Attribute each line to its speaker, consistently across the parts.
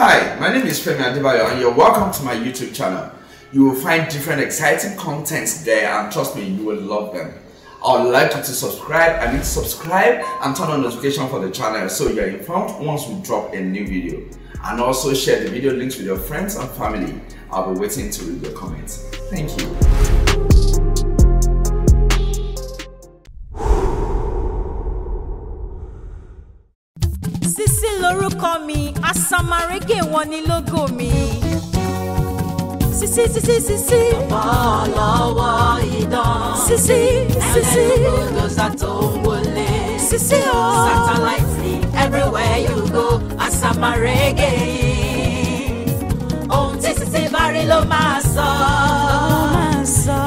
Speaker 1: Hi, my name is Femi Adebayo and you're welcome to my YouTube channel. You will find different exciting contents there and trust me, you will love them. I would like you to subscribe, I mean subscribe and turn on notification for the channel so you're informed once we drop a new video. And also share the video links with your friends and family. I'll be waiting to read your comments.
Speaker 2: Thank you. Tamarege wọn ni lógo mi. Sisi sisi sisi. Ọ̀pọ̀lọwọ́ idán. Sisi sisi. Ẹlẹ́nu ló sàtó wọlé. Sisi o. Oh. Satellite ni everywhere you go, Asamarege yìí. Ohun tí sisi bá rí ló máa sọ.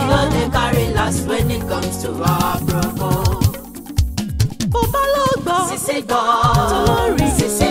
Speaker 2: Ló máa carry last when it comes to our brother. Bó bá lọ gbọ́. Sisi gbọ́. Tolórí. Sisi.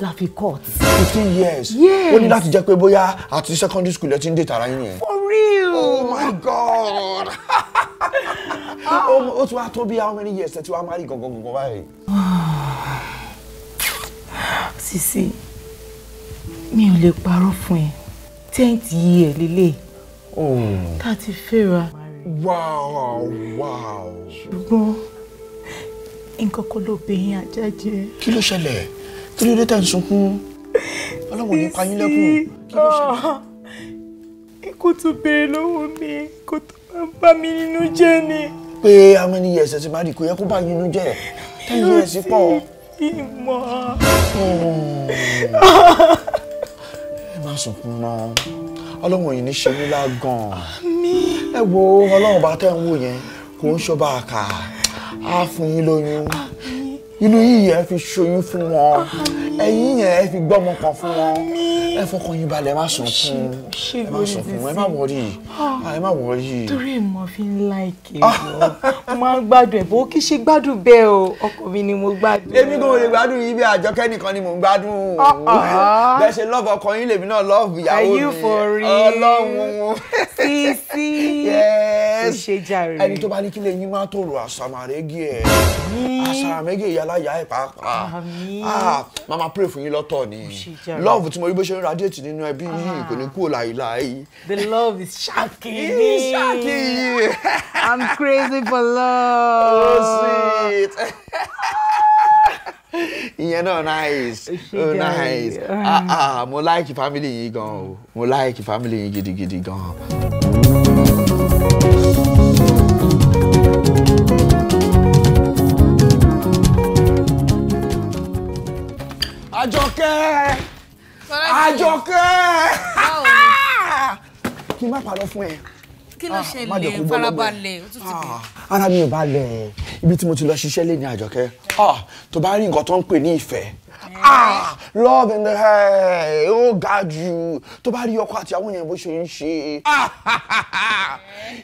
Speaker 1: la fi court. fifteen years. yes ó ní láti jẹ́ pé bóyá àti secondary school ẹ ti ń date ara yín yẹn. for real. oh my god. ó tún wá tó bí how many years ẹ ti wá marry gangan gangan báyìí.
Speaker 3: Sisi mi ò lè parọ́ fún ẹ
Speaker 2: tenth year lélẹ̀ oh. tá a ti fẹ́ra. wow
Speaker 1: wow. ṣùgbọ́n nǹkan kan ló bẹ̀yìn ajá jẹ. kí ló ṣẹlẹ̀ kí ló dé tẹ̀ ń sunkún ọlọ́wọ́ ní pa yín lẹ́kùn kí ló ṣẹlẹ̀. Ah,
Speaker 2: kò tún béèrè lọ́wọ́ mi kò tún máa bá mi nínú jẹ́ ni.
Speaker 1: pé how many years ti máa rí kò yẹ kó bá yín nínú jẹ́ ten years pọ̀. ìmọ̀. Hmm. ẹ má sunkún náà ọlọ́wọ́ yìí ní ṣe mí lágàn. ẹ wo ọlọ́wọ́ bá tẹ̀ ń wò yẹn kò ń ṣọba àkà á fún yín lóyún inú yìí yẹn fi ṣoyún fún wọn ẹ̀yìn yẹn ẹ fi gbọ́mọ kan fún wọn ẹ fọkàn yín balẹ̀ ẹ má sọ fún ẹ má sọ fún ah. ẹ má wọrí ẹ má wọrí. torí ẹ mọ fi ń láìkè ah. wọ mo máa ń gbádùn ẹ bó kí ṣe gbádùn bẹ́ẹ̀ o ọkọ mi ni mo gbádùn. èmi kò lè gbádùn yìí bí àjọkẹ́ nìkan ni mò ń gbádùn bẹ́ẹ̀ ṣe lọ́ọ̀bù ọkọ yín lèmi náà lọ́ọ̀bù ìyàwó mi ọlọ́run. sísí. ṣe jàre. ẹni tó bá ní kílẹ̀ yín máa tòrò àsàmàrégì ẹ̀ àsàmàrégì ìyálàyà ẹ̀ pàápàá màmá ah, pray fún yín lọ́tọ̀ ni love tí mo rí bó ṣe ń radiate nínú ẹbí yìí ah. kò ní kúrò láìláì. the love is shocking. is shocking. i'm crazy for love. Oh, ìyẹn náà nice oh nice ah ah mo like family yìí gan o mo like family yìí gidigidi gan. àjọkẹ́ àjọkẹ́ kí n má parọ́ fún ẹ. kí ló ah, ṣẹlẹ̀ farabalẹ̀ ó tún ti bẹ̀. Ah, ara mi ò balẹ̀ ibi tí mo ti lọ ṣiṣẹ́ lé ní àjọkẹ́ ah, tó bá rí nǹkan tó ń pè ní ìfẹ́ ah love in the air ó ga jù tó bá rí ọkọ àti àwọn èèyàn bó ṣe ń ṣe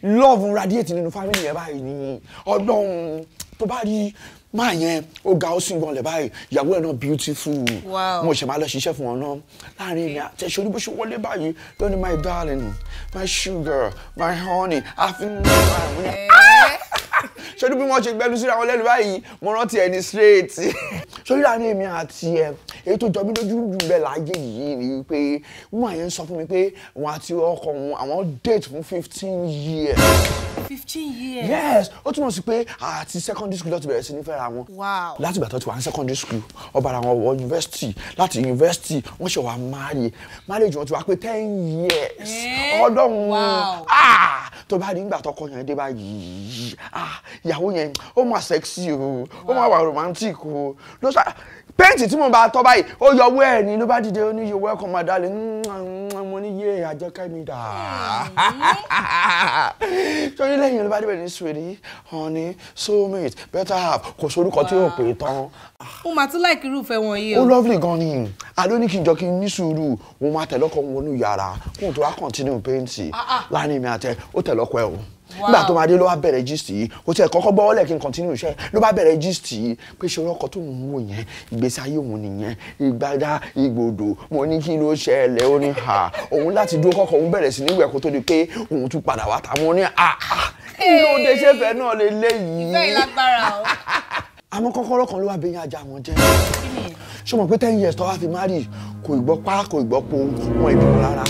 Speaker 1: love ń radiate nínú family yẹn báyìí ni ọdún tó bá rí máa yẹn ó ga ó sì ń gbọ́n báyìí ìyàwó ẹ̀ náà beautiful mo ṣe máa lọ ṣiṣẹ́ fún wọn náà láàrin ìrìn àtẹ̀ṣe orí bó ṣe wọlé báyìí tó my darling my sugar my honey àfi ń lọ àwọn ní eh. ah! ṣojú bí wọ́n ṣe gbẹnu síra wọn lẹ́nu báyìí mo rántí ẹni straight ṣojú láàrin èmi àti ẹ èyí tó jọ mí lójú jù bẹ́ẹ̀ láàyè yìí ni pé wọ́n àyẹ̀ ń sọ fún mi pé wọ́n àti ọkọ wọn àwọn date fún fifteen years
Speaker 3: fifteen years. yes
Speaker 1: ó túmọ̀ sí pé àti secondary school láti bẹ̀rẹ̀ sí ní fẹ́ra wọn. wow láti ìgbà tó ti wà ní secondary school ọba ara wọn wọ university láti university wọ́n ṣe wà marry marriage wọn ti wà pé ten years ọdọ́run tó bá rí nígbà tó kọ yẹn dé báyìí ìyàwó yẹn ó máa sexy o ó máa wà romantic o ló sá pẹ́ǹtì tí mo bá tọ́ báyìí ó yọwọ́ ẹ̀ ní ló bá dìde ó ní yóò welcome my darling mo ní yé àjọkẹ́ mi dà rí lẹ́yìn ló bá débẹ̀ ní sùwèrí honey soulmate better half kò sorúkọ tí yóò pè é tán.
Speaker 3: ó máa tún láìkí irúfẹ́ wọn yìí o. ó lovely
Speaker 1: gan ni àdó ní kí n jọ kí n ní sùúrù mo máa tẹ̀lọ́kọ̀ wọnú yàrá kóun tó wá continue painting ah, ah. láàrin mi àtẹ ó tẹ̀lọ́kọ̀ ẹ̀ o
Speaker 3: nígbà tó máa dé ló
Speaker 1: wá bẹ̀rẹ̀ gist yìí kò tiẹ̀ kọ́kọ́ gbọ́ lẹ̀ kí n continue iṣẹ́ ló bá bẹ̀rẹ̀ gist yìí pé ṣe ọkọ̀ tó ń wò yẹn ìgbésí ayé òun nìyẹn ìgbádá ìgbòdò mo ní kí ló ṣẹlẹ̀ ó ní ha òun láti dúró kọ́kọ́ òun bẹ̀rẹ̀ sí ní ìwẹ̀ kó tó di pé òun tún padà wá tàmú ní ha ilé òde ṣẹ́fẹ̀ náà lè léyìí. ìfẹ́ ìlágbára kọ́kọ́rọ́ kan ló wá bẹ̀yìn ajá wọn jẹ́ ṣọmọ pé ten years tó wá fi marry kò ìgbọ́pá kò ìgbọ́po wọn ìbímọ rárá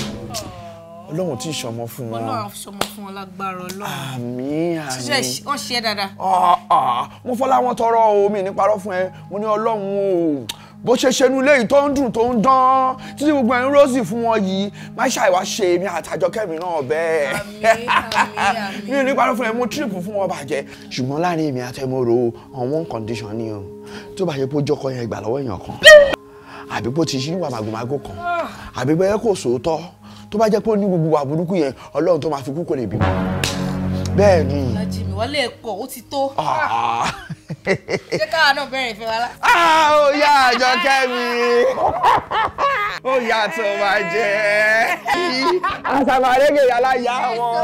Speaker 1: ọlọ́run tí ìṣọmọ fún wọn. ọlọ́run
Speaker 2: ṣọmọ fún wọn lágbára ọlọ́run.
Speaker 1: àmín àmín. ṣíṣe
Speaker 3: wọn ṣe é dáadáa.
Speaker 1: mo fọlá wọn tọrọ omi níparọ́ fún ẹ mo ní ọlọ́run o bó ṣe ṣe nu léyìí tó ń dùn tó ń dán títí gbogbo ẹni rosy fún wọn yìí má ṣàìwá ṣe èmi àtàjọ kẹmí náà bẹ́ẹ̀ mi ò ní parọ́ fún ẹ mo trip fún wọn bàjẹ́ ṣùgbọ́n láàrin èmi àtẹmọ́rò on one condition ni o tó bá yẹ kó jọkọ yẹn gbà lọ́wọ́ èèyàn kan àbí bó ti ṣí wà màgòmágó kan ah. àbí bẹ́ẹ̀ kò sòótọ́ tó bá jẹ́ pé ó ní gbogbo wà burúkú yẹn ọlọ́run tó máa fi kú kò lè bímọ bẹ́ẹ̀ ni. Jimmy wọlé ẹ̀kọ́ ó ti tó. Ah.
Speaker 3: ṣé káwa náà bẹ̀rẹ̀ ìfẹ́ wa lá.
Speaker 1: Ah, ó yá àjọkẹ́ mi ó yá tó máa jẹ àtàmàrégè yàrá yá wọn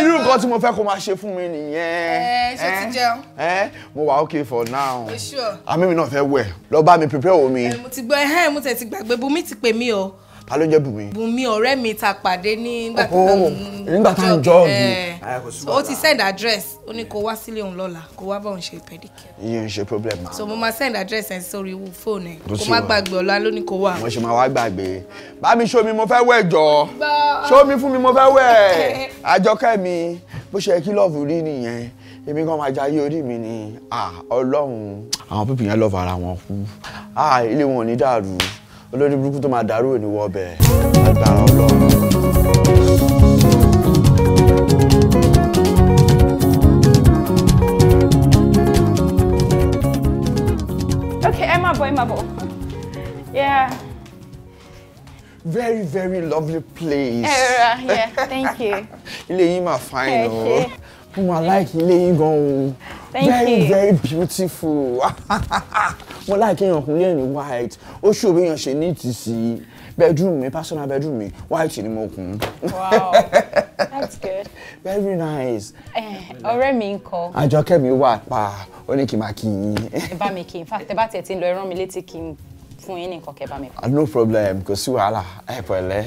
Speaker 1: irú nǹkan tí mo fẹ́ kó máa ṣe fún mi nìyẹn. ẹ eh, ṣe ti eh, jẹun. Eh, mo wà okay for now. ẹ ṣọ. àmì mi náà fẹ́ wẹ̀ lọ bá mi prepare omi. mo
Speaker 3: ti gbọ́ ẹ mo tẹ̀ ti gbàgbé bomi ti pè mí o
Speaker 1: ta ló jẹ́ bùnmi. bùnmi
Speaker 3: ọ̀rẹ́ mi ta pàdé nígbà tó ń nígbà tó ń jọ
Speaker 1: ọ̀gì. ti
Speaker 3: send address ó ní kó wá sílé òun lọ́la kó wá bá òun ṣe pẹ́díkì.
Speaker 1: iye ń ṣe problem. so mo
Speaker 3: máa send address ẹ sórí fóònù ẹ kó má gbàgbé
Speaker 1: ọ̀la ló ní kó wá. mo ṣe máa wá gbàgbé bá mi ṣó mi mo fẹ́ wẹ̀ jọ Show mi fún mi mo fẹ́ wẹ̀ àjọkẹ́ mi bó ṣe ki love rí nìyẹn èmi kan máa jayé orí mi ni ah, ọlọ́run àwọn pípì yẹn lọ́ọ̀fù ara wọn kú ah, ilé wọn ò ní dàrú olórí burúkú tó máa dàrú ìníwọ ọbẹ̀ agbára ọlọ́run.
Speaker 2: okay
Speaker 3: ẹ máa bọ̀ ẹ yeah.
Speaker 1: very very lovely place. ẹ
Speaker 3: eh, yeah thank you.
Speaker 1: ilé yín máa fine o. mo like láìkí ilé yín gan o
Speaker 3: very very
Speaker 1: beautiful mo láìkí èèyàn kún lẹ́yìn white ó ṣòwò èèyàn ṣe to see bedroom mi personal bedroom mi white ni mo kún. wow that's good. very nice.
Speaker 2: Eh,
Speaker 3: ọ̀rẹ́ mi ń kọ́.
Speaker 1: àjọkẹ́ mi wà pa ó ní kí n máa kí yín. ẹ
Speaker 3: bá mi kí in fact ẹ bá tiẹ̀ ti ń lọ ẹ rán mi létí kí n fún yín ní nǹkan kẹ́ bá mi kọ́.
Speaker 1: Ah, no problem kò sí wàhálà ẹ pẹ̀lẹ́.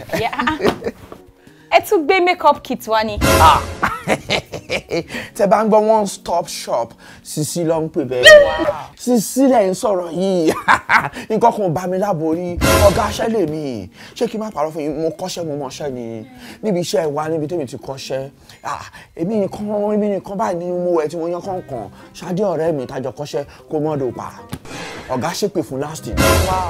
Speaker 3: ẹ tún gbé makeup kit wá ni. ah
Speaker 1: tẹ bá ń gbọ́ one stop shop Sisi ló ń pè bẹ́ẹ̀ Sisi lẹ̀ ń sọ̀rọ̀ yìí nǹkan kan bá mi láborí ọ̀gá aṣẹ́ lè mi ṣé kí n má parọ́ fún yín mo kọ́ṣẹ́ mo mọṣẹ́ ni níbi iṣẹ́ wa níbi tèmi ti kọ́ṣẹ́ ah, èmi nìkan èmi nìkan báyìí ni mo wẹ̀ tí mo yan kọ̀ọ̀kan ṣáájú ọ̀rẹ́ mi tájọ kọ́ṣẹ́ kó mọ́dọ̀ pa ọ̀gá ṣépè fún last year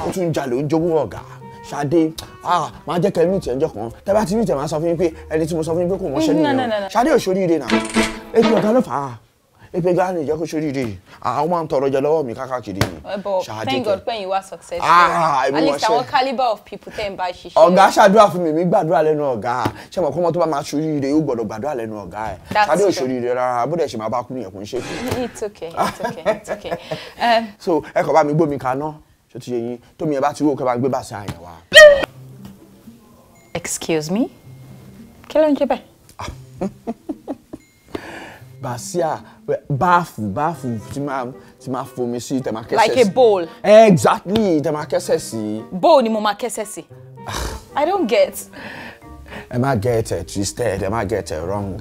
Speaker 1: ó tún jalè ó jogún ọ̀gá. Ṣadé ah máa jẹ́ kẹ́ mí ìtẹ̀ ọjọ́ kan tẹ́ bá ti mí ìtẹ̀ máa sọ fún yín pé ẹni tí mo sọ fún yín pé kò mọṣẹ́ mm-hmm. nìyẹn o Ṣadé ò ṣoríire náà ebi ọ̀gá ló fà á ebi ọ̀gá ni ìjẹ́ kó ṣoríire àwọn máa ń tọrọ jẹ lọ́wọ́ mi kákàkiri ni eh, Ṣadé thank God
Speaker 3: pẹ́yìn wá success ah, ah, ah, at least àwọn calibre of people tẹ́ ń bá ṣiṣẹ́. ọ̀gá
Speaker 1: ṣàdúrà fún mi mi gbàdúrà lẹ́nu ọ̀gá ṣé mo kọ́ mọ́ tó bá máa ṣoríire yóò gbọ́dọ̀ gbàdúrà lẹ́nu ọ̀gá ẹ̀ Ṣadé ò ṣoríire rárá bó dẹ̀ ṣe máa bá kú nìyẹn kò ń ṣe é.
Speaker 3: it's okay it's okay it's okay.
Speaker 1: Eh. so ẹ kàn bá mi gbómi kaná ti yẹ yín tómi yẹn bá ti rú òkè bá ń gbé bàṣẹ àyàn wa. excuse me kí ló ń jẹ bẹ́ẹ̀. bàṣíà báàfù báàfù tí máa tí máa fomi sí tẹ̀ máa kẹsẹ̀ sí. like a bowl. exactly tẹ̀ máa kẹsẹ̀ sí.
Speaker 3: bowl ni mo máa kẹsẹ̀ sí. Ah. i don't get.
Speaker 1: ẹ má get it twisted ẹ má get it wrong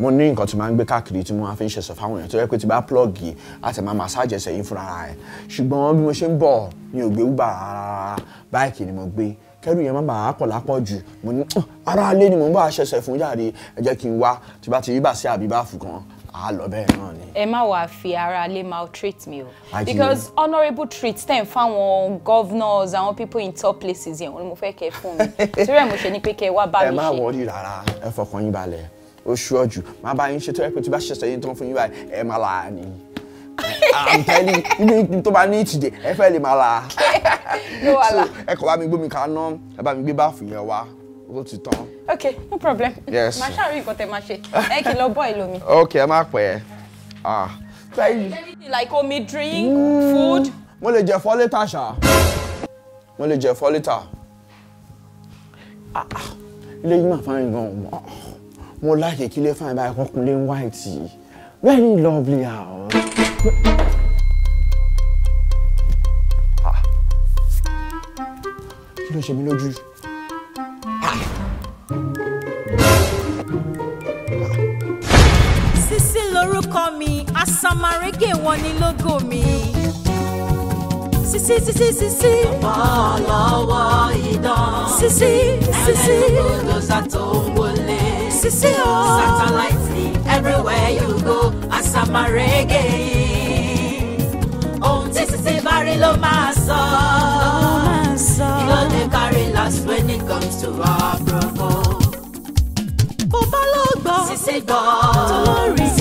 Speaker 1: mo ní nǹkan tí máa ń gbé káàkiri tí mo máa fi ń ṣẹ̀sọ̀ fáwọn èèyàn tó yẹ pé ti bá plọ́ọ̀gì àti máa massage ẹsẹ̀ yìí fúnra ẹ̀ ṣùgbọ́n bí mo ṣe ń bọ̀ mi ò gbé uber rárá báìkì ni mo gbé kẹ́rù yẹn má bàa pọ̀ lápọ̀ jù mo ní ara alé ni mo ń bá ṣẹ̀sẹ̀ fún jáde ẹ jẹ́ kí n wá tí bá ti rí bà sí àbí bá fù kan a lọ bẹ́ẹ̀ náà ni.
Speaker 3: ẹ má wàá fi ara lè maltreat mi o because honourable treat ten fáwọn governors àwọn people in top places yẹn wọn ni mo fẹ́ kẹ́ fún mi torí ẹ mo ṣe ni pé kẹ́ wá bá mi ṣe. ẹ má wọrí
Speaker 1: rárá ẹ fọkàn yín balẹ̀ oṣù ọjù máa bá yín ṣètò ẹ̀pẹ́ tó bá ṣẹ̀ṣẹ̀ yín tán fún yín báyìí ẹ̀ máa là á ní. I'm telling you tó bá ní ìtìjẹ ẹ fẹ́ lè máa là
Speaker 3: á.
Speaker 1: ẹ kọ́ bá mi gbómi kaná ẹ bá mi gbé báàfù yẹn wá ó ti tán.
Speaker 3: ok no problem. yes màá ṣàrò nǹkan tẹ máa ṣe ẹ kì í lọ bọ́ ìlú mi.
Speaker 1: ok ẹ má pẹ́ ah.
Speaker 3: like omi drink food.
Speaker 1: mo lè jẹ four litre ṣá mo lè jẹ four litre. Ah, ah. ilé yìí máa fa ìgbọ̀n mọ́ mo láàyè kí lè fàìn báyìí ọkùnrin white very lovely ah. ah. kí ló ṣe mí lójú? Ah.
Speaker 2: Sisi lorúkọ mi asamarege wọn ni lógo mi. Sisi sisi sisi. ọ̀pọ̀ lọ́wọ́ idán. Sisi sisi. ẹlẹ́nu kò lọ́sà BBC o. satellite everywhere you go àṣàmàrègè yìí ohun tí sisi bá rí ló máa sọ. ìlọ́lẹ̀ kárí last when it comes to our bravo. bó bá lọ gbọ́ sisi gbọ́ tó lórí.